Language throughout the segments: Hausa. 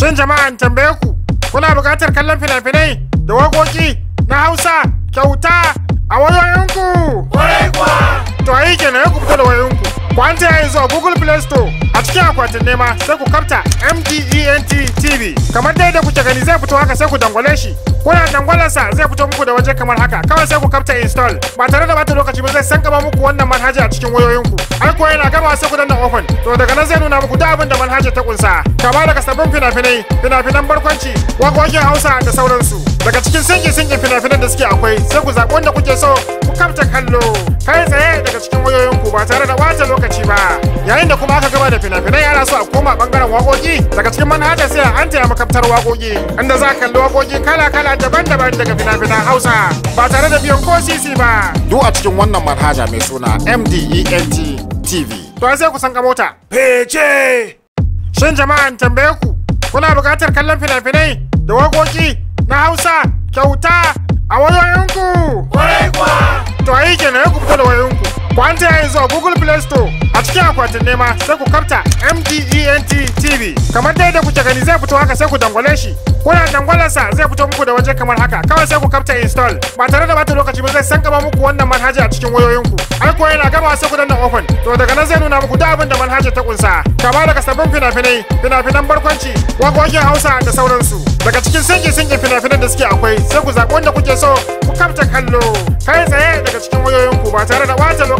Shin jama'an tambaye ku kuna buƙatar kallon fina-finai da waƙoƙi na Hausa kyauta a wayoyinku? Ƙwarai kuwa! To ayi kenan ya ku fito da wayoyinku. Ku ya ta yanzu a Google Play Store a cikin akwatin nema sai ku kafta MDENT TV. Kamar dai da kuke gani zai fito haka sai ku dangwale shi. Kuna dangwalarsa zai fito muku da waje kamar haka kawai sai ku kafta install ba tare da bata lokaci ba zai san gaba muku wannan manhaja a cikin wayoyinku. Ai kuwa yana gama sai ku danna open to daga nan zai nuna muku duk abin da manhaja ta kunsa. Kama daga sabbin fina-finai, fina barkwanci, waƙoƙin Hausa da sauransu. daga cikin singin sinkin fina-finan da suke akwai sai ku zaɓi wanda kuke so ku kamta kallo kai tsaye daga cikin wayoyin ku ba tare da wata lokaci ba yayin da kuma aka gama da fina-finai ana so a koma bangaren wakoki daga cikin manhajar sai an taya makaftar wakoki inda za a kalli wakoki kala-kala daban-daban daga fina-finan hausa ba tare da biyan ko sisi ba duk a cikin wannan manhaja mai suna mdent tv to sai ku san ka mota fece shin jama'an tambaye ku kuna buƙatar kallon fina-finai da wakoki na Hausa kyauta a wayoyinku. Kwarai kuwa! To ayi kenan ya ku da wayoyinku. Ku ya yanzu a Google Play Store a cikin akwatin nema sai ku karta MDENT TV. Kamar dai da kuke gani zai fito haka sai ku dangwale shi. Kuna dangwalarsa zai fito muku da waje kamar haka kawai sai ku karta install ba tare da bata lokaci ba zai san gaba muku wannan manhaja a cikin wayoyinku. Ai ko yana gaba sai ku danna open to daga nan zai nuna muku duk abin da manhaji ta kunsa. Kama daga sabbin fina-finai, fina-finan barkwanci, Hausa da sauransu. Daga cikin singi-singin fina-finan da suke akwai sai ku zaɓi wanda kuke so ku kamta kallo kai tsaye daga cikin wayoyinku ba tare da bata lokaci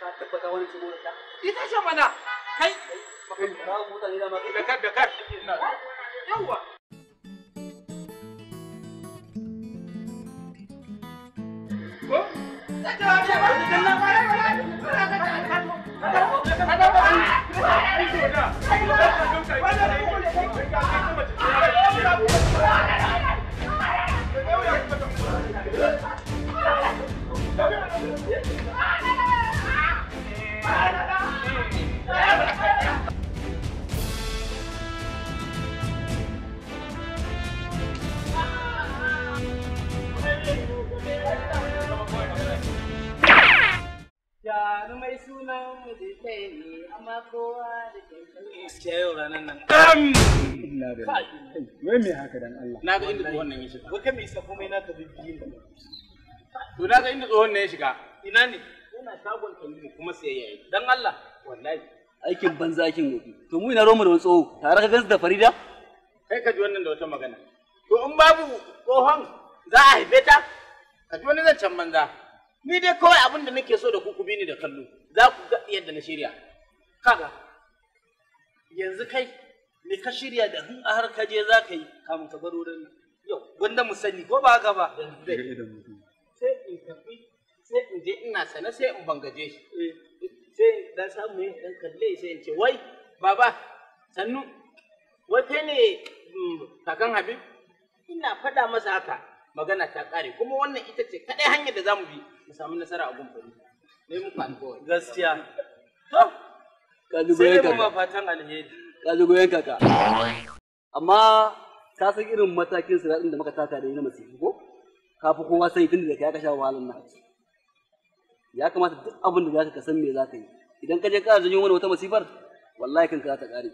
ka tabbata wani shi mota ta ita ce mana kai ka mota ne da ma da kar da kar yawa kuma kowa da kai gaskiya yau ranar nan ina inna da wai me haka dan Allah na ga inda wannan ya shiga wai kai me yasa komai naka bibiyi ne to na ga inda tsohon ne ya shiga ina ne ina shagon kalli kuma sai yayi dan Allah wallahi aikin banza aikin gobe to mu ina roma da wani tsoho tare ka gansu da Farida kai ka ji wannan da wata magana to in babu tsohon za a haife ta ka ji wani zancen banza ni dai kawai abin da nake so da ku ku bi ni da kallo za ku ga yadda na shirya kaga yanzu kai me ka shirya da in a har je za ka yi kamun ka baro wurin nan yau gwanda mu sani ko ba haka ba sai in tafi sai in je ina sane sai in bangaje shi eh. sai dan samu dan kalle sai in ce wai baba sannu wai kai ne mm, kakan habib ina faɗa masa haka magana ta ƙare kuma wannan ita ce kaɗai hanyar da za mu bi mu samu nasara a gumfari ne mu alƙawari gaskiya to ka ji goyon kaka amma ka san irin matakin siratin da muka taka da yi na masifu ko ka fi kowa sani tun da ka sha wahalar na ya kamata duk abin da zaka ka san me zaka yi idan ka je ka janyo wani wata masifar wallahi kanka za ta ƙare.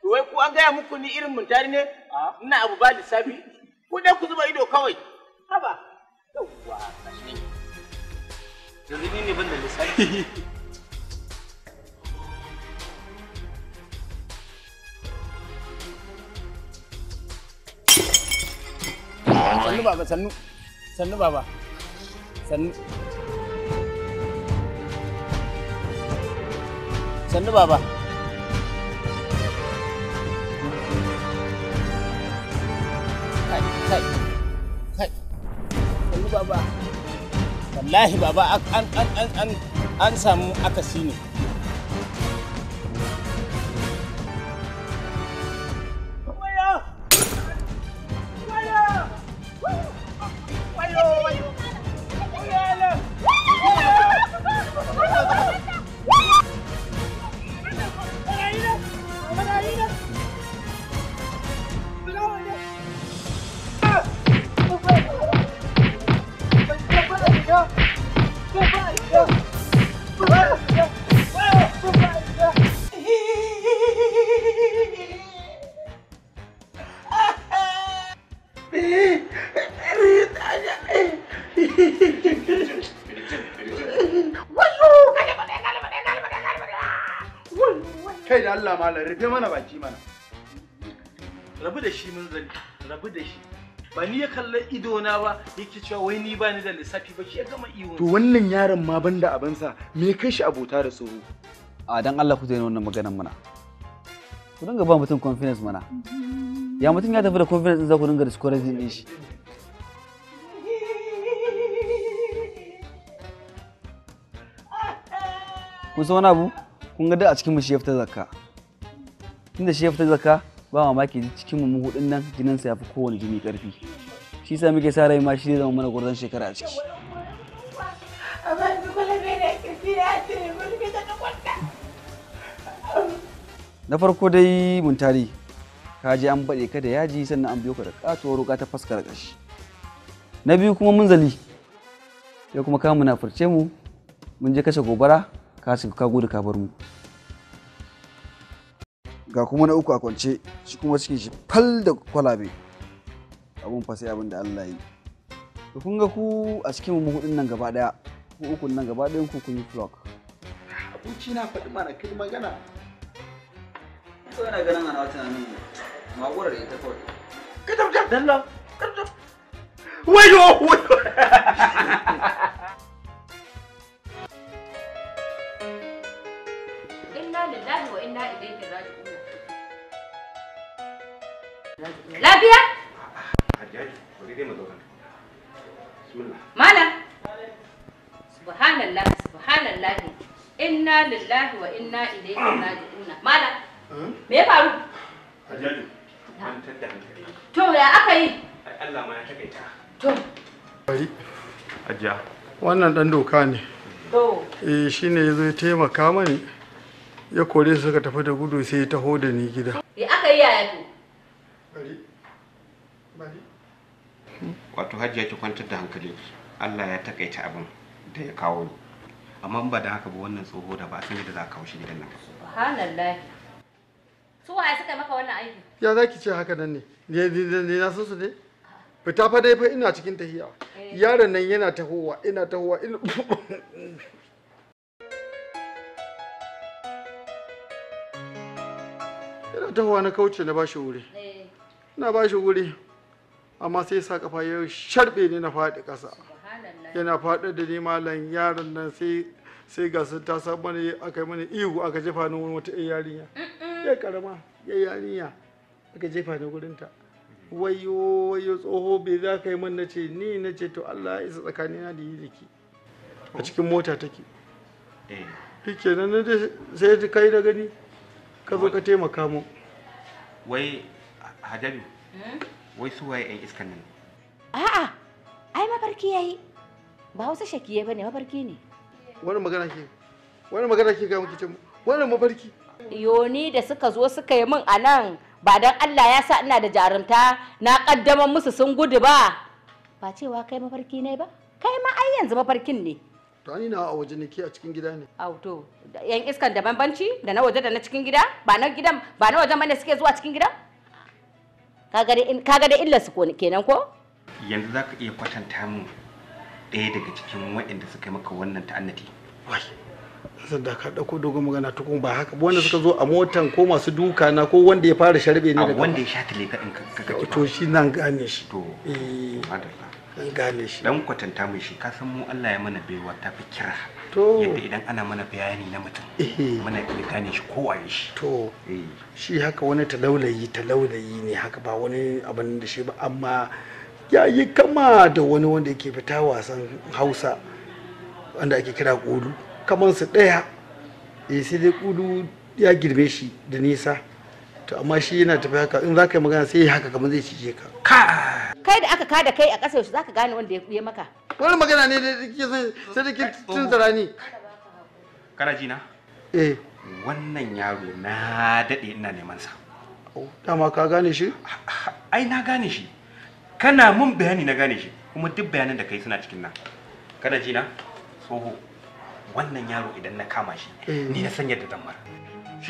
to wai ku an gaya muku ni irin muntari ne ina abu ba lissafi ku dai ku zuba ido kawai haba yawwa yanzu ni ne ban da lissafi sannu baba sannu sannu baba sannu sannu baba kai kai kai sannu baba wallahi baba an an samu akasi ne malam rufe mana baki mana rabu da shi mun zali rabu da shi ba ni ya kalla ido na ba yake cewa wai ni ba ni da lissafi ba shi ya gama iwo to wannan yaron ma banda sa me kai shi abota da tsoro a dan Allah ku daina wannan maganar mana ku dinga ba mutum confidence mana ya mutum ya tafi da confidence din za ku dinga discourage din shi kun san wani abu kun ga duk a cikin mu shi ya fita zakka tunda shi ya fita zaka ba mamaki cikin mu hudun nan sa ya fi kowane jini karfi shi sa muke sa rai ma shi zai zama mana gurdan shekara a ciki na farko dai muntari ka je an baɗe ka da yaji sannan an biyo ka da katuwar roƙa ta faskar ƙashi na biyu kuma mun munzali ya kuma kamu na furce mu mun je kashe gobara ka ka gudu ka bar mu ga kuma na uku a kwance shi kuma cikin shi fal da kwalabe abun fa sai abin da Allah yi to kun ga ku a cikin mu hudun nan gaba daya ku ukun nan gaba dayan ku kun yi flock abinci na faɗi mana kai magana ko yana ganin ana wata nan magurar ita kawai ka tabbatar dalla kadar tabbatar wayo wayo inna lillahi wa inna ilaihi raji'un Lafiya? Subhanallah, subhanallah. Inna wa inna hmm? Me ya faru? To ya aka yi? To. Wannan ɗan doka ne. To. Eh shine yazo ya taimaka mani. ya kore su suka tafi da gudu sai ya taho da ni gida wato hajiya ta kwantar da hankali Allah ya takaita abin da ya kawo ni amma ba da haka ba wannan tsoho da ba san yadda za ka kawo shi gidan nan subhanallahi su waye suka maka wannan aiki ya zaki ce haka nan ne ne na san su ne fita fa dai fa ina cikin tahiya eh. yaron nan yana tahowa ina tahowa ina yana tahowa na kauce na bashi wuri eh. na bashi wuri amma sai sa kafa ya sharbe ni na faɗi ƙasa yana faɗi da ni malam yaron nan sai sai ga sun tasa mana aka yi mana ihu aka jefa ni wurin wata yarinya ya karama ya yarinya aka jefa ni gurin ta wayo wayo tsoho bai za ka yi mana na ce ni na ce to Allah ya isa na da yi a cikin mota take eh. shi nan na sai ta kai da gani ka zo ka taimaka mu wai hadari wai su waye yan iskan nan a'a ai mafarki yayi ba hausa shakiye bane mafarki ne wani magana ke wani magana ke ga muke wani mafarki yoni da suka zo suka yi min anan ba dan Allah ya sa ina da jarumta na kaddamar musu sun gudu ba ba cewa kai mafarki ne ba kai ma ai yanzu mafarkin ne to ni na a waje ne ke a cikin gida ne a to yan iskan da bambanci da na waje da na cikin gida ba na gidan ba na waje bane suke zuwa cikin gidan kaga da su kenan ko yanzu za ka iya kwatanta mu ɗaya daga cikin waɗanda suka yi maka wannan ta'annati wai sun da ka ɗauko dogon magana tukun ba haka wanda suka zo a motan ko masu duka na ko wanda ya fara sharbe ne daga wanda ya sha tale ka ka ka to shi nan gane shi to eh, madalla gane shi dan kwatanta mu shi ka san mu Allah ya mana baiwa ta fi kira to yadda idan ana mana bayani na mutum muna iya gane shi ko waye shi to eh. shi haka wani talaulayi talaulayi ne haka ba wani abin da shi ba amma ya yi kama da wani wanda yake fita wasan hausa wanda ake kira kudu kamar su ɗaya eh, sai dai kudu ya girme shi da nisa to amma shi yana tafi haka in za ka yi magana sai haka kamar zai cije ka kai da aka kada kai a ƙasa shi za ka gane wanda ya maka wani magana ne da ke son sai da ke tun tsarani kana ji na eh wannan yaro na dade ina neman sa dama ka gane shi ai na gane shi kana mun bayani na gane shi kuma duk bayanan da kai suna cikin nan kana ji na tsoho wannan yaro idan na kama shi eh. ni na san yadda zan mara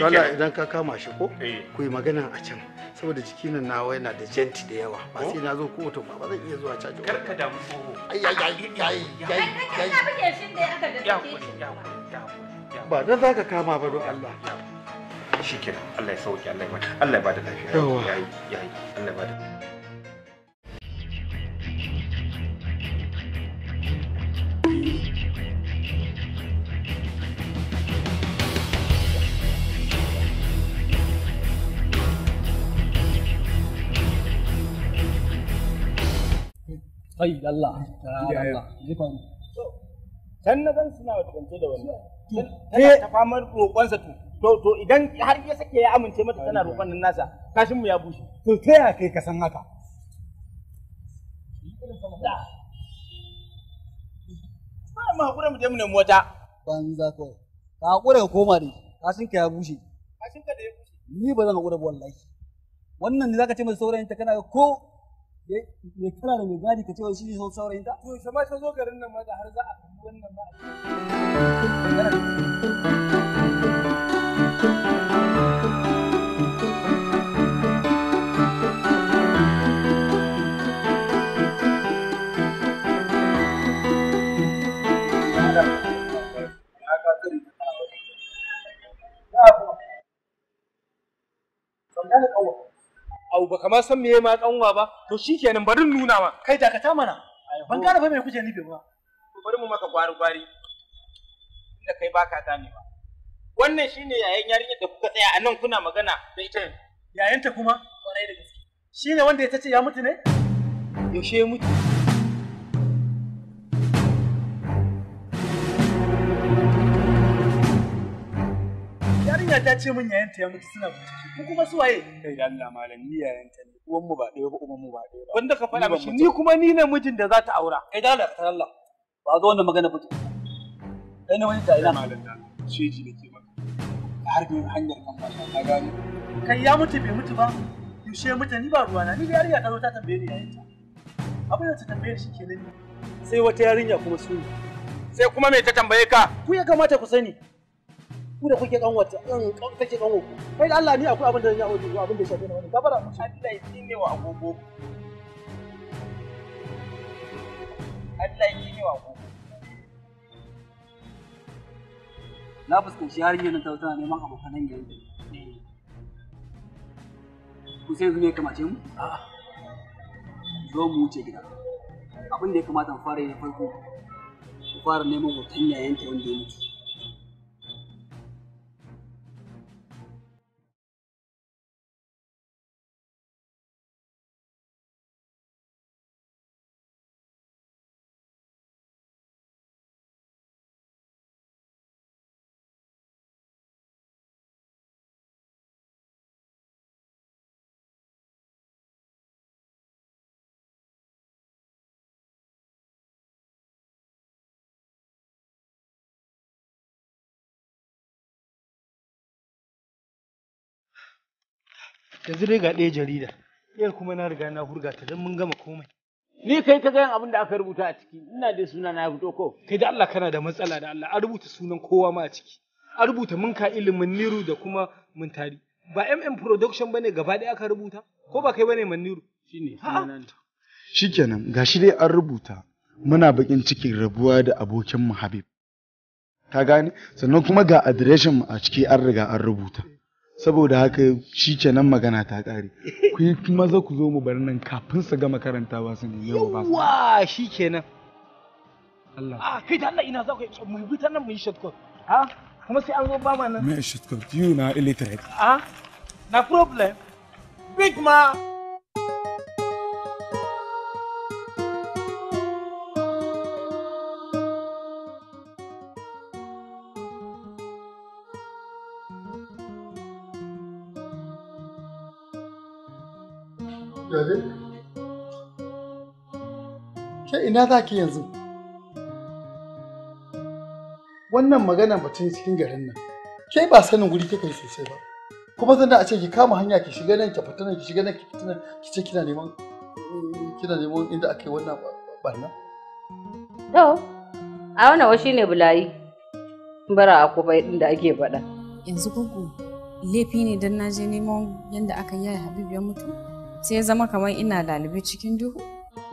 Wala idan ka kama shi ko eh. ku yi magana a can saboda jikinan nawa yana da jenti da yawa ba oh. sai na zo ko to ba ba zan iya zuwa caji. Kar ka damu tsoho. Ai ai ai ai ai ai. Ka buge shi da aka da shi. Ba dan zaka kama ba don Allah. Shikenan Allah ya sauke Allah ya bada Allah ya bada lafiya. Yayi yayi Allah ya bada. sai Allah zan suna wadance da wannan tana ta famar roƙonsa to idan har ya sake ya amince mata tana roƙon nan nasa kashin mu ya bushe to ta ya kai ka san haka ba mu hakura mu je mu wata banza ko ka ka koma kashin ka ya bushe da ni ba zan wannan zaka ce mai saurayin ta kana ko mai kana da mai gadi ka ce wai shi ne sau saurayin ta? To, sama ta zo garin nan ma da har za a kalli wannan ma. Thank abu ba ma san meye ma kanwa ba to shikenan bari nuna ma kai dakata mana ban gane fa me kuke nufi ba bari mu maka gwari gwari inda kai baka gane ba wannan shine yayin yarinyar da kuka tsaya a nan kuna magana da ita yayanta kuma kwarai da gaske shine wanda ya tace ya mutu ne yaushe ya mutu yarinya ta ce min yayin ta ya mutu suna bincike ku kuma su waye kai da Allah malam ni yayin ta ne uwan mu ba ɗaya ba uwan mu ba ɗaya ba wanda ka faɗa mishi ni kuma ni ne mijin da za ta aura kai da Allah ta Allah ba zo wannan magana ba kai ne wani ta ina malam da shiji da ke maka har bi hanyar kan ba na gani kai ya mutu bai mutu ba yaushe mutu ni ba ruwa na. ni da yarinya ta zo ta tambaye ni yayin ta abin da ta tambaye shi kenan sai wata yarinya kuma su ne. sai kuma me ta tambaye ka ku ya kamata ku sani ku da kuke kanwata in kake kanwo kai Allah ni akwai abin da zan yi aure ko abin da ya shafe ni wani gabara Allah ya ne wa agogo Allah ya ne wa agogo na fuskanci har nan ta tana neman abokanan yanzu ku sai zume kamace mu zo mu wuce gida abin da ya kamata mu fara yi na farko mu fara neman hoton yayanki wanda ya mutu yanzu dai ga ɗaya jarida, ɗayar kuma na riga na hurga ta don mun gama komai ni kai ka gayan abin da aka rubuta a ciki ina da suna na fito ko kai da Allah kana da matsala da Allah an rubuta sunan kowa ma a ciki an rubuta mun ka ilimin niru da kuma mun tari ba mm production bane gaba ɗaya aka rubuta ko ba kai bane mun niru shine shikenan gashi dai an rubuta muna bakin cikin rabuwa da abokin mu Habib ka gane sannan kuma ga adireshin mu a ciki an riga an rubuta saboda haka shi kenan magana ta ƙare ku yi maza ku zo mu bar nan kafin su gama karanta ba su ne yau ba wa shi kenan Allah ah kai da Allah ina za ku yi mu bi ta nan mu yi shortcut ha ah, kuma sai an zo ba ma nan me shortcut you na illiterate ah na problem big ma Dole? Ke ina za ki yanzu? Wannan magana ba yi cikin garin nan. Ke ba sanin guri kika sosai ba. Kuma zan da a ce ki kama hanya ki shiga nan ki fita nan ki shiga nan ki fita nan ki ce kina neman kina neman inda ake wannan barna. To, a wannan washi ne bulayi. Bara a kuma inda ake faɗa. Yanzu kuku laifi ne don na je neman yadda aka yi Habibu ya mutu? sai ya zama kamar ina lalibi cikin duhu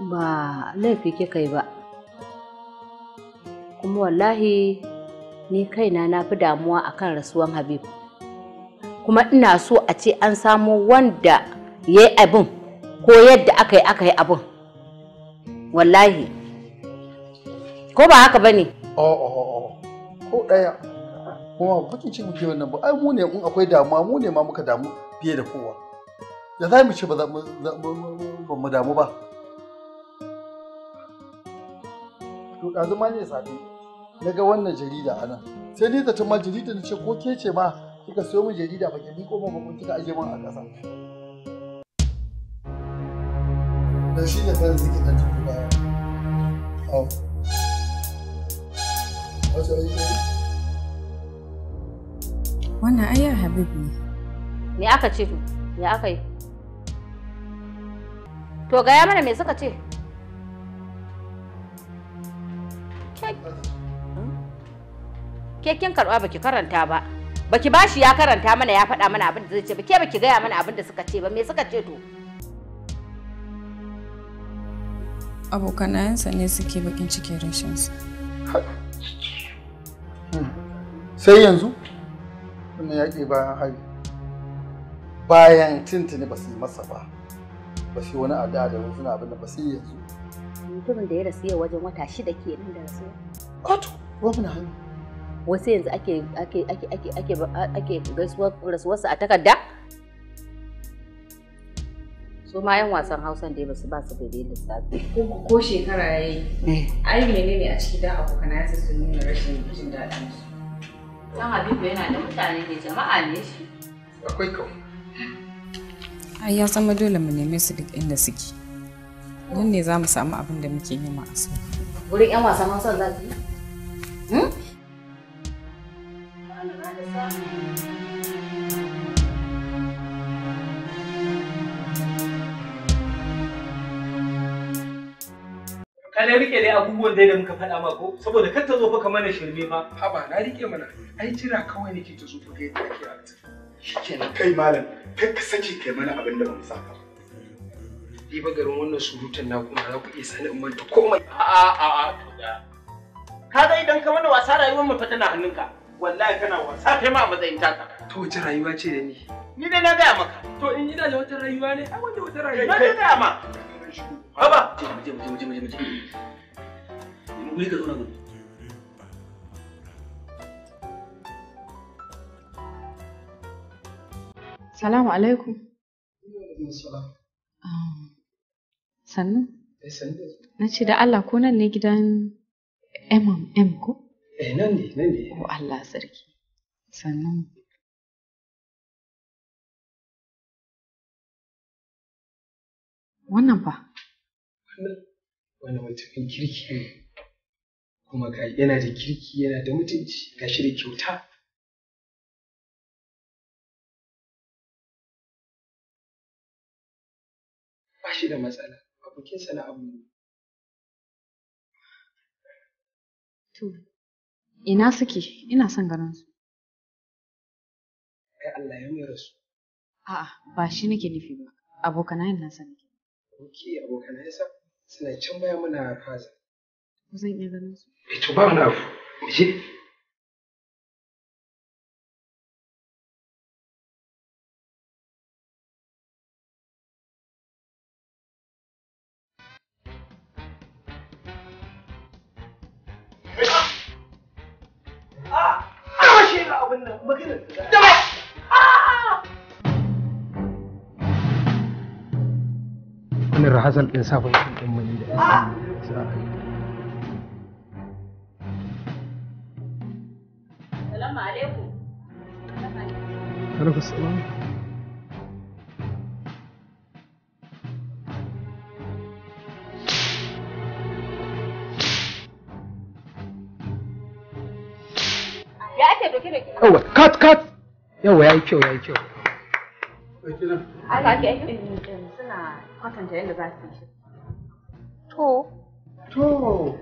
ba laifi kai ba kuma wallahi ni kaina na fi damuwa akan rasuwan habib kuma ina so a ce an samo wanda ya yi abin ko yadda aka yi aka yi abin wallahi ko ba haka ba ne oh, oh, oh, ko ɗaya kuma kuke ce muke wannan ba ai mu ne in akwai damuwa mu ne ma muka damu fiye da kowa da za mu ce ba mu damu ba to ɗazu ma ne sadu na ga wannan jarida a nan sai ni zaton ma jarida na ce ko ke ce ma kika siyo min jarida ba ni ko ma ba kika ajiye min a ƙasa dan shi ne kan ziki nan tafi ba. au wace wannan ayyar habibu ne me aka ce to me aka yi To gaya mana me suka ce? Ke kin karɓa baki karanta ba. Baki bashi ya karanta mana ya faɗa mana abin da zai ce ba. Ke baki gaya mana abin da suka ce ba. Me suka ce to? Abokanayensa ne suke bakin cikin rashinsa. Sai yanzu? Wannan yaƙi bayan hari. Bayan tintini ba su yi masa ba. ba shi wani addu'a da wasu abin da ba sai yanzu mutumin da ya rasu yau wajen wata shida ke nan da rasu wato wa hannu wasu yanzu ake ake ake ake ake ake rasuwarsa a takarda su ma yan wasan hausan da ba su ba su daidai lissafi ko shekara ya yi eh. ai menene a cikin dan abokan su sun nuna rashin jin daɗin su dan habibu yana da mutane ne jama'a ne shi akwai kawai ai ya zama dole mu neme su duk inda suke nan ne za mu samu abin da muke nema a so wurin yan wasa ma son za hmm? kana rike dai abubuwan dai da muka faɗa ma ko saboda kar ta zo fa kamar na shirme fa ba na rike mana ai jira kawai nake ta zo fa ga yadda ake shikenan kai malam kai ka sake kai mana abin da ban mu ni ba garin wannan surutan na kuma za ku iya sani in manta komai a a a ka ga idan ka mana wasa rayuwar mu fa tana hannunka wallahi kana wasa kai ma matsayin taka to wace rayuwa ce da ni ni dai na gaya maka to in ina da wata rayuwa ne ai wanda wata rayuwa na gaya ma baba je je je je je mu mu je mu je mu je Salamu alaikum. Ah, sannu? Na ce da Allah ko nan ne gidan M&M ko? Eh nan ne, nan Ko oh, Allah sarki. Sannan. Wannan ba. Wannan wani mutumin kirki ne. Kuma yana da kirki yana da mutunci ga shi kyauta. ba shi da matsala abokinsa na abu ne. To, ina suke ina son ganin su. Ai Allah ya mai rasu. A'a ba shi nake nufi ba, abokana abokanayen nasa nake. Ok, abokanayensa suna can baya muna faza. Zan iya ganin su. Eh, to ba wani abu, mu je. حسن انصاف السلام عليكم عليكم السلام يا كات كات يا ويا كيو يا كيو Ai ba suna kwatanta yadda za su yi shi. To. To.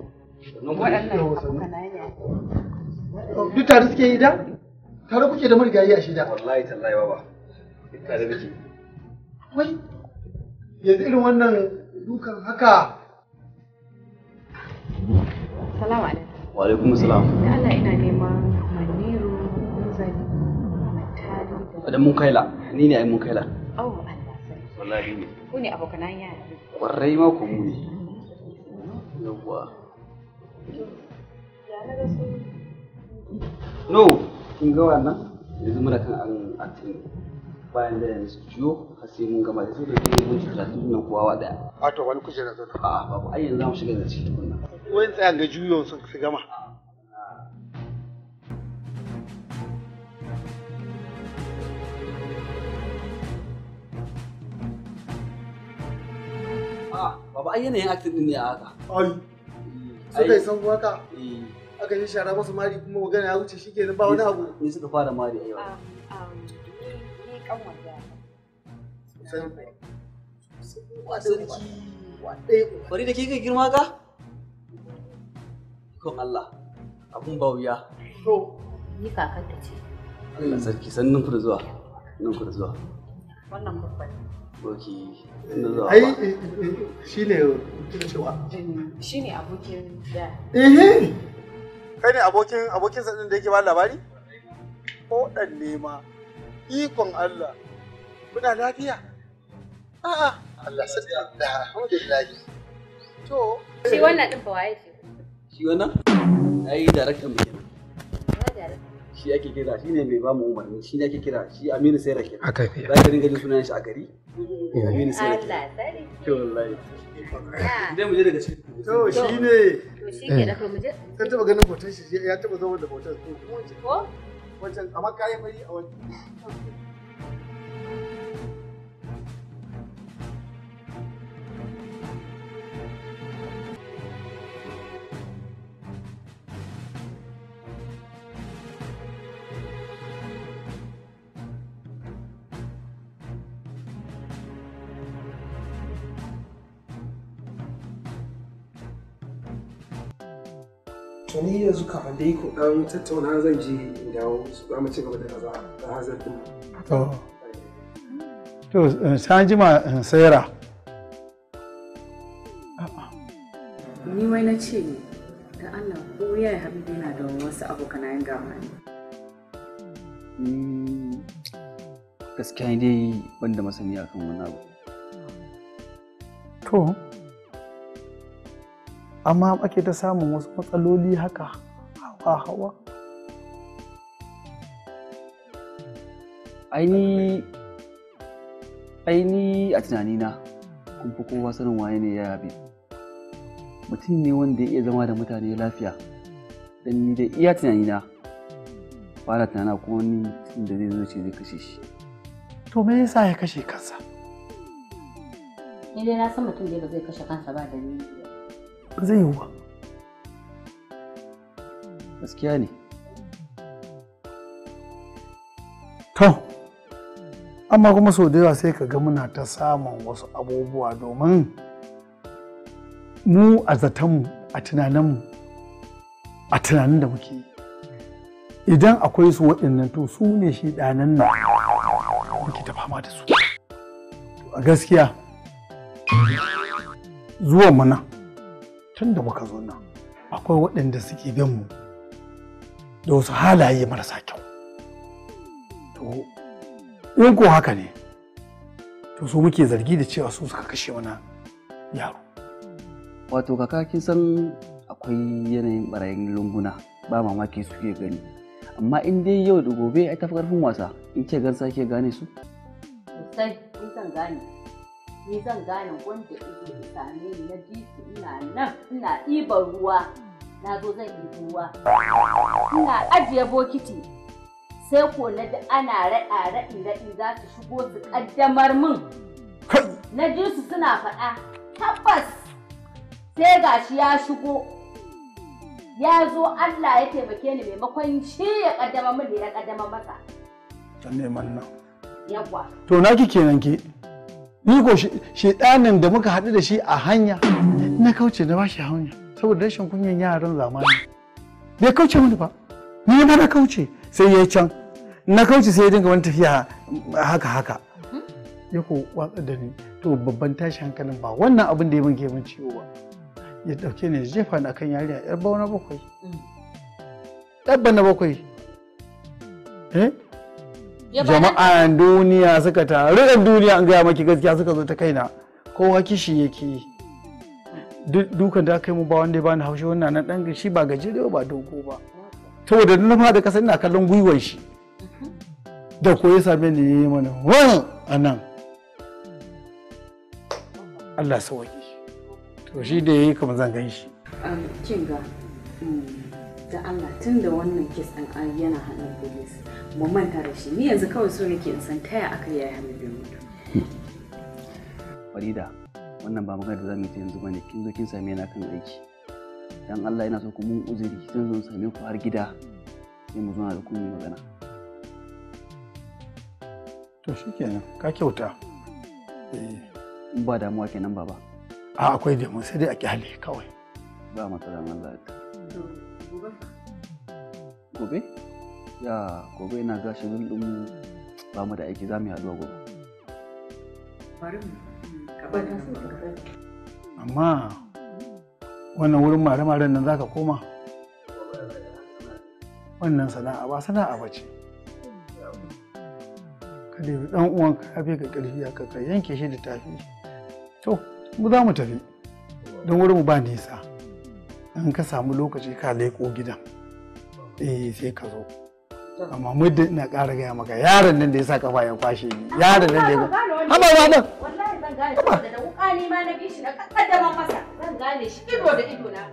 Duk tare suke yi da? Tare kuke da marigayi a shida. Wallahi tallahi baba. Duk tare Wai. Yanzu irin wannan dukan haka. Salamu alaikum. Wa alaikum salam. Allah ina neman Maniru, Munzali, Matari. Da mun kaila. ni ne ai mun kai la oh Allah sarki wallahi ne ku ne abokanan yara kwarai ma ku mu ne yawwa no kin ga wannan yanzu muna kan an acting bayan da yanzu ciwo har sai mun gama da su da ke mun shiga tun nan kowa wa daya wato wani kujera zana a babu ai za mu shiga da ciki wannan wayan tsaya ga juyon su gama Baba ai yanayin acting din ne a haka. Ai. Suka yi san eh Aka yi shara masa mari kuma magana ya wuce shikenan ba wani abu. Me suka fara mari a yau? Ah, um, ni kanwar Bari da kike girma ka? Kon Allah, abun ba wuya. To, ni kakanta ce. Allah sarki, sannan ku zuwa. Nan ku zuwa. Wannan babban. ai eh, eh, eh, shi ne cewa shi ne abokin da kai ne abokin abokin sa da yake ba labari ko dan nema ikon Allah kuna lafiya a'a Allah sarki alhamdulillah to shi wannan din ba waye shi wannan ai daraktan mu kenan shi ake kira shi ne mai ba mu umarni shi ne ake kira shi aminu sai rake haka ne za ka ringa jin sunan shi a gari eh. aminu sai rake to wallahi dai mu je daga cikin to shi ne to shi ke da mu je ka taba ganin hoton shi ya taba zama da hoton ko wancan amma kayan bari a wancan yanzu kafin da ku dan tattauna zan ji in dawo za mu ci gaba da kaza da hazar din to to eh, san jima in eh, sayara ni wai na ce ne da Allah ko ya habibi na da wasu abokanayen gama ne hmm, gaskiya dai banda masani akan wani abu to amma ake ta samun wasu matsaloli haka hawa hawa aini a tunanina kun fi kowa sanin waye ne ya yabe mutum ne wanda ya iya zama da mutane lafiya don ni da iya tunanina ba fara tunana kuma ni mutum da zai zo ce zai kashe shi to me yasa ya kashe kansa ni dai na san mutum da zai kashe kansa ba dalili zai yiwu ba gaskiya ne to amma kuma sau da yawa sai ka ga muna ta samun wasu abubuwa domin mu a zatanmu a tunaninmu a tunanin da muke idan akwai su waɗannan to su ne shi ɗanan na muke ta fama da su a gaskiya zuwan mana tun da muka zo nan akwai waɗanda suke bin mu da wasu halaye marasa kyau to in ko haka ne to su muke zargi da cewa su suka kashe wani yaro wato kaka kin san akwai yanayin barayin lunguna ba mamaki suke gani amma in dai yau da gobe ai tafi karfin wasa in ce gan ke gane su Sai, kun san gane ni zan gane wanda ido da same ni na ji ina nan ina ɗiban ruwa na zo zan yi ruwa ina ajiye bokiti sai ko na da ana raɗa raɗi raɗi za su shigo su ƙaddamar min na ji su suna faɗa tabbas sai gashi ya shigo ya zo Allah ya taimake ni maimakon shi ya kaddama min da ya kaddama masa. Can neman nan. Yawwa. To na ki kenan ke. ni ko da muka haɗu da shi a hanya na kauce na bashi hanya saboda rashin kunyan yaran zamani bai kauce mini ba ni ma na kauce sai ya can na kauce sai ya dinga wani tafiya haka haka mm-hmm. ya ko watsa da ni to babban tashi hankalin ba wannan abin da ya min min ciwo ba ya dauke ni ya jefa ni akan yarinya yar bauna bakwai yar na bakwai mm. jama'a duniya suka taru duniya an gaya maki gaskiya suka zo ta kaina kowa kishi yake yi dukan da kai mu ba wanda ya bani haushi wannan nan ɗan shi ba da ba dogo ba saboda na fada kasa ina kallon gwiwan shi da koyi same ni yayi mana wan anan allah Allah sawaki to shi da yayi yi zan gan shi kinga mm, da Allah tun da wannan kes ɗin an yana hannun police mu manta da shi ni yanzu kawai so nake in san taya aka yi hannun biyu mutu hmm. Farida wannan ba magana da za mu yi yanzu bane kin zo kin same ni kan aiki dan Allah yana so ku mun uzuri zan zo same ku har gida sai mu zauna da ku magana to shikenan ka kyauta eh. ba damuwa kenan baba a ah, akwai damu sai dai a kyale kawai ba matsalan Allah ta gobe ya gobe ina gashi shi dumu ba mu da aiki za mu yi haɗuwa gobe amma wannan wurin mare-maren nan za ka koma wannan sana'a ba sana'a ba ce ka ɗebi ɗan uwan ka fi ka ƙarfi a ka yanke shi da tafi to mu za mu tafi don wurin mu ba nisa in ka samu lokaci ka leko gidan eh sai ka zo amma muddin ina ƙara gaya maka yaron nan da ya sa kafa ya kwashe ni yaron nan da ya kwashe ba nan wallahi zan gane da wuka ne ma na bi shi na kaddama masa zan gane shi ido da ido na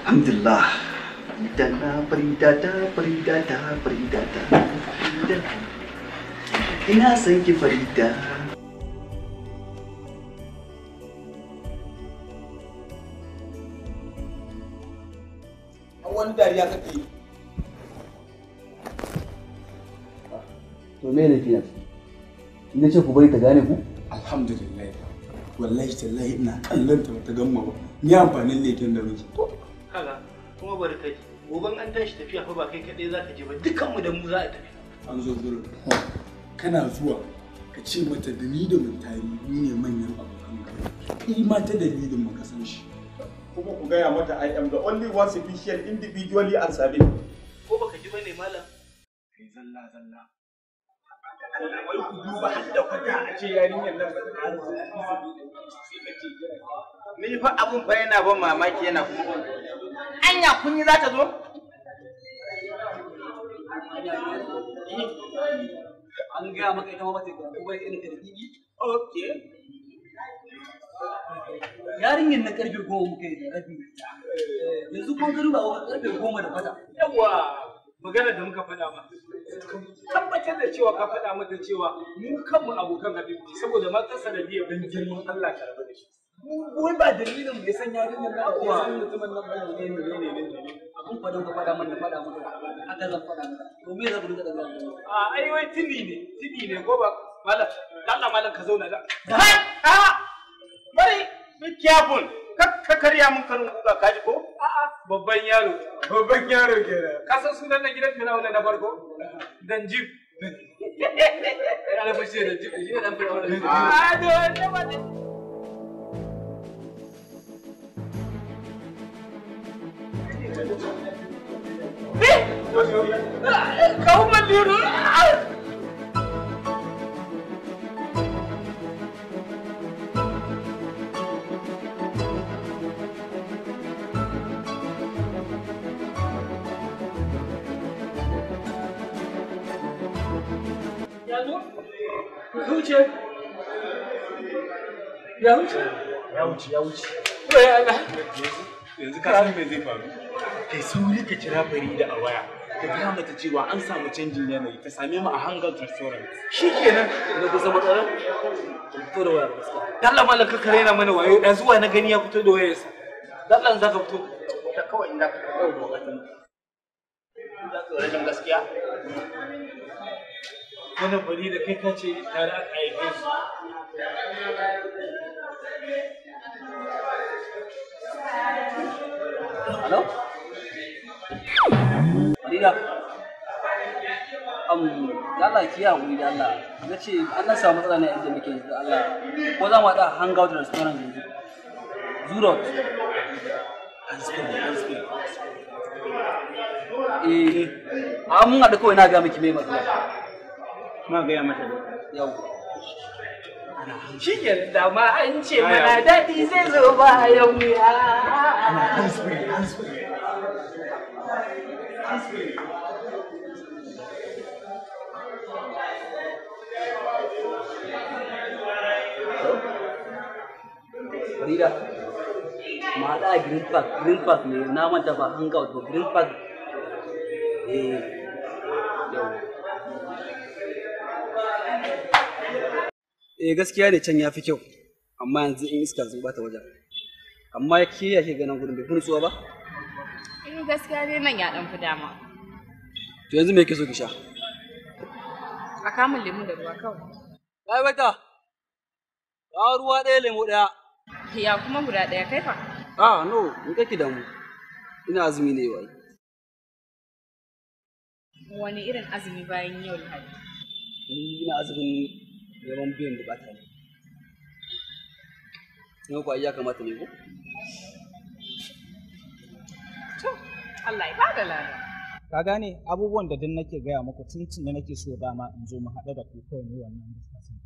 Alhamdulillah. Dada, beri dada, beri dada, beri dada. farida ina son ki farida wani dariya kake yi to me ne fiya na ce ku bari ta gane ku alhamdulillah wallahi tallahi ina kallon ta bata gamma ba ni amfanin leken da muke to kaga kuma bari kai gobe an tashi tafiya fa ba kai kadai zaka je ba dukanmu da mu za a tafi an zo gurin kana zuwa ka ce mata da ni da mutane ni ne manyan abokan gaba in ma ta dalilin maka san shi kuma ku gaya mata I am the only one sufficient individually and serving ko baka ji bane malam kai zalla zalla wai ku duba hadda kwata a ce yarinyar nan ba ta ni fa abun fa yana ban mamaki yana kuma anya kun yi za ta zo an gaya maka ita mace kuma okay yarinyar na karfe goma muka yi rabi eh, yanzu kun gani ba karfe goma da fata yawa magana da muka faɗa ma tabbatar da cewa ka faɗa mata cewa mu kanmu abokan habibu saboda ma kansa da biya ban girman Allah ka rabu da shi wai ba dalilin mai san yarinyar na kuwa mutumin nan ba ne ne ne abin ka faɗa mana faɗa aka zamfara to me zabu a ai wai tindi ne ne ko malam Allah malam ka zauna da a mai be careful ka karya mun karin guga ka ji ko a'a babban yaro babban yaro kenan ka san sunan nan gidan na farko dan jib Ana fashe da jib shi dan a do ne ba Hey! kawo man Yanzu ka san me zai faru? Kai sauri ka kira Farida a waya. ka gaya mata cewa an samu canjin yanayi ta same mu a hangar restaurant shi kenan na kusa matsalar ta fito da wayar gaskiya dalla malam ka kare na mana wayo dan zuwa na gani ya fito da wayarsa dalla za ka fito ta kawai inda ka dawo bukatun za ka rashin gaskiya wani bari da kai ka ce tare a haife su Hello? Farida, um, da Allah ki wuri da Allah, na ce an na samu matsala ne a inda muke yanzu da Allah, ko za mu haɗa hangout restaurant yanzu. Zurot. Eh, a mun haɗu kawai na gaya miki mai matsala. Ma gaya mata Yau. Shi da ma an ce mana daɗi zai zo bayan wuya. Farida, maɗa a Green Park, Green Park ne na manta ba hangout ba Green Park. Eh, Eh gaskiya ne can yafi kyau, amma yanzu in iska sun bata wajen. Amma ya ke yake ganin gudun bai fi nutsuwa ba? gaskiya dai nan ya dan fi dama. To yanzu me yake so ki sha? A kamun lemu da ruwa kawai. Kai bata. Ba ruwa ɗaya lemu ɗaya. Ya kuma guda ɗaya kai fa? Ah no, in kake da mu. Ina azumi ne wai. Wani irin azumi bayan yau Lahadi? Ina azumin neman biyan bukata ne. Yau kwa iya kamata ne ko? Allah ya bada lada. Ka gane abubuwan da duk nake gaya muku tuntun da nake so dama in zo mu haɗu da ku kawai ne wannan discussion.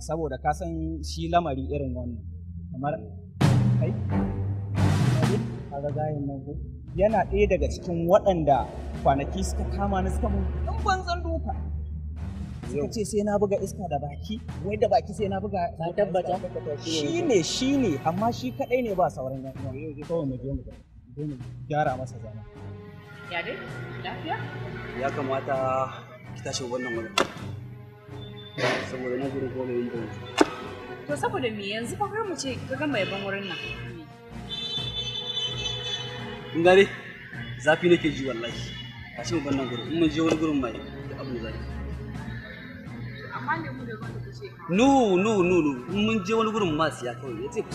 Saboda ka san shi lamari irin wannan kamar kai a nan ko yana ɗaya daga cikin waɗanda kwanaki suka kama ni suka mun in banzan duka. suka ce sai na buga iska da baki wai da baki sai na buga na tabbata shi ne shi ne amma shi kadai ne ba sauran yan uwa kawai mu je mu sai gyara masa zama ya dai lafiya ya kamata ki tashi wannan wurin saboda na gurin ko mai yin to saboda me yanzu fa har mu ce ka gama yaban wurin nan In gare, zafi nake ji wallahi a cikin wannan gudu, in mun je wani gudun mai da abu zai amma ne mu da wanda kace no no no no in mun je wani gudun masu ya kawai yace ku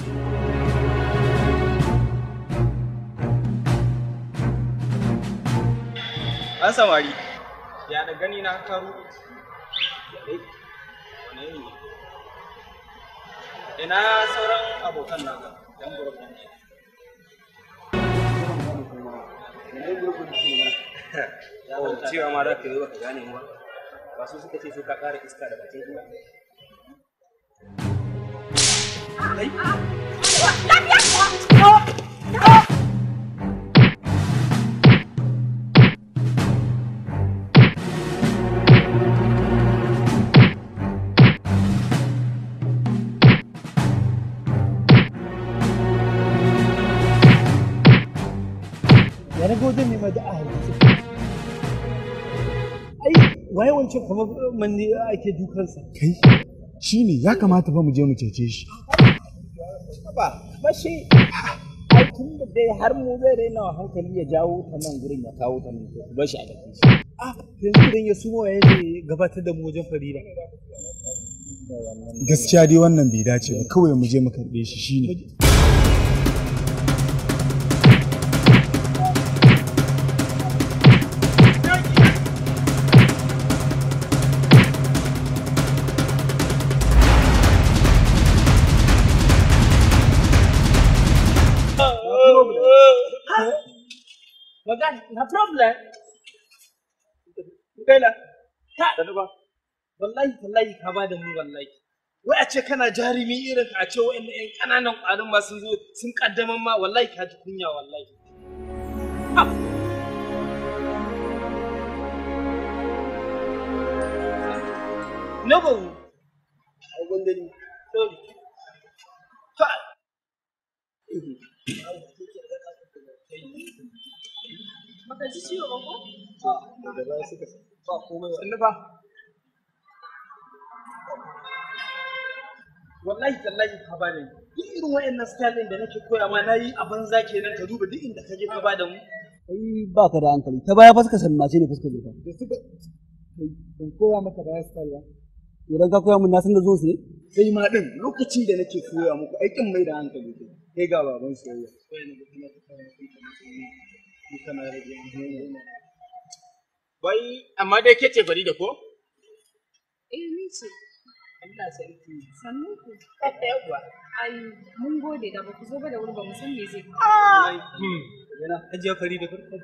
an samari ya da gani na karu ina sauran abokan naka yan gurbin ne cewa ma za ka yi gane mu ba su suka ce ka ƙara iska da bakin Lafiya! waye wancan kamar manne ake dukansa kai shi ne ya kamata fa mu je mu cece shi ba mashi ai tun da dai har mu zai raina wa hankali ya jawo ta nan gurin ya kawo ta nan shi a shi ah, yanzu idan ya sumo ya ne gabatar da mu wajen farida gaskiya dai wannan bai dace ba kawai mu je mu karbe shi shine na problem kaila ka da ba wallahi wallahi, ka ba da mu wallahi wai a ce kana jarumi irin ka a ce wa'annan yan ƙananan ƙwarin ma sun zo sun ƙaddaman ma wallahi ka ji kunya wallahi na ba mu a gwandani sorry Ka Wallahi tallahi ka ba da duk irin wa'annan style da nake koya ma ka duba duk inda ka je ka ba da mu. ba ka da hankali ta baya ne Da suka ban koya maka baya style ba. Idan ka koya na san da zo su ne? ma lokacin da nake koya muku aikin mai da hankali Kai ga baban soyayya. Bai amma dai ke ce da ko? Eh, ni ce. Allah sarki. Sannu ku. Kada yawa. Ai, mun gode da ba ku zo ba da wuri ba mu san me zai faru. Ah! Hmm. Yana ajiya fari da farko.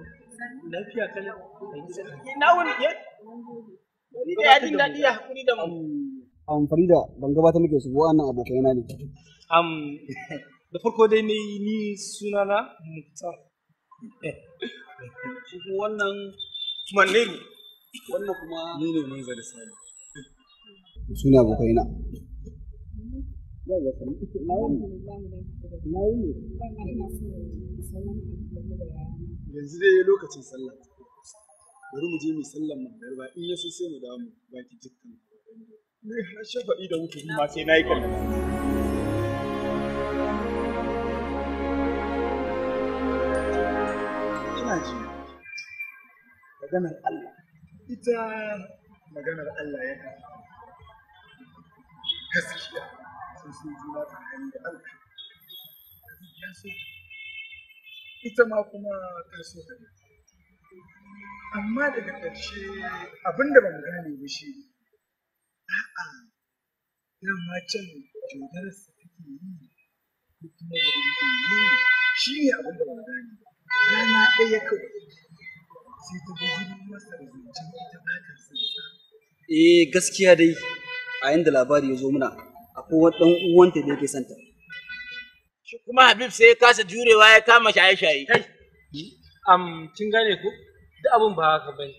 Lafiya kana. Na wuri ke? Farida ya jin daɗi ya hakuri da mu. Um, Farida, ban gabata muke su wa'annan abokaina ne. Am, da farko dai ni sunana Muktar. wannan manne wannan kuma ni ne mun sani. Suna Yanzu dai lokacin sallah. Bari mu je mu sallan magariba in ya so sai mu dawo mu baki dukkan. har shafa'i da wuce ma sai na yi kallon. maganar Allah ita maganar Allah ya kan gaskiya sun sun juna tsakani da Allah ya so ita ma kuma ta so da amma daga ƙarshe abinda ban gane ba shi a'a dama can jodarsa take yi ko kuma da yi shi ne abinda ban gane ba rana ɗaya kawai eh gaskiya dai a yanda labari ya zo muna akwai wani dan uwanta da yake santa shi kuma Habib sai ya kasa jurewa ya kama shaye-shaye am kin gane ko duk abin ba haka bane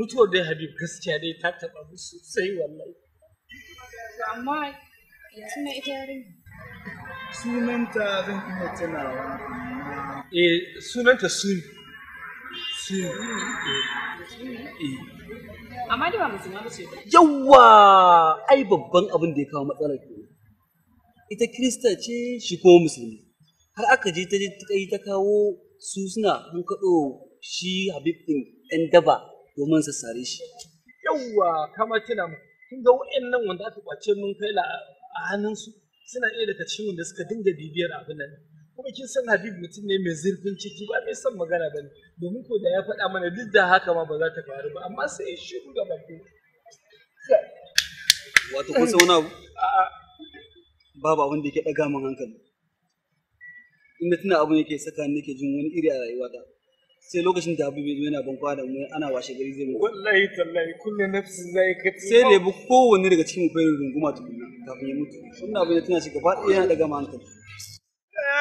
mutuwar dai Habib gaskiya dai ta taba mu sosai wallahi amma yanzu ita yarin. sunanta zan iya tunawa eh sunanta suni. Amma da ba musulma ba ce. Yawwa! Ai babban abin da ya kawo matsalar ke. Ita Kirista ce shi kuma musulmi. Har aka je ta je ta ta kawo su suna hankaɗo shi Habib ɗin ɗan daba domin sassare shi. Yawwa! Kama tuna mu. Kin ga wa'annan wanda aka kwace mun kai a hannunsu suna iya daga cikin wanda suka dinga bibiyar abin nan. kuma kin san Habib mutum ne mai zurfin ciki ba mai son magana ba ne domin ko da ya faɗa mana duk da haka ma ba za ta faru ba amma sai ya shiru da baki wato kun san wani abu babu abin da yake ɗaga min hankali in na tuna abin yake saka ni nake jin wani iri a rayuwata sai lokacin da abu bai yana bankwa da mu ana washe gari zai mu wallahi tallahi kullu nafsi zai ka sai ne bi kowanne daga cikin mu fayar runguma tukunna kafin ya mutu wannan abu ne tuna shi gaba ɗaya yana ɗaga min hankali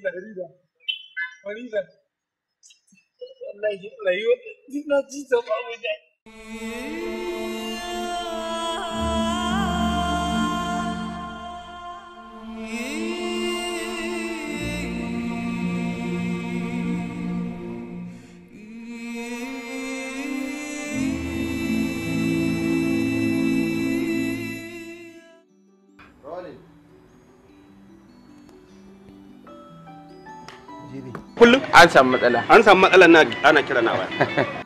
Farida, Farida, Farida. Wallahi, rayuwa, na ji zama wajen. kullum an samu matsala an samu matsala na ana kira na waya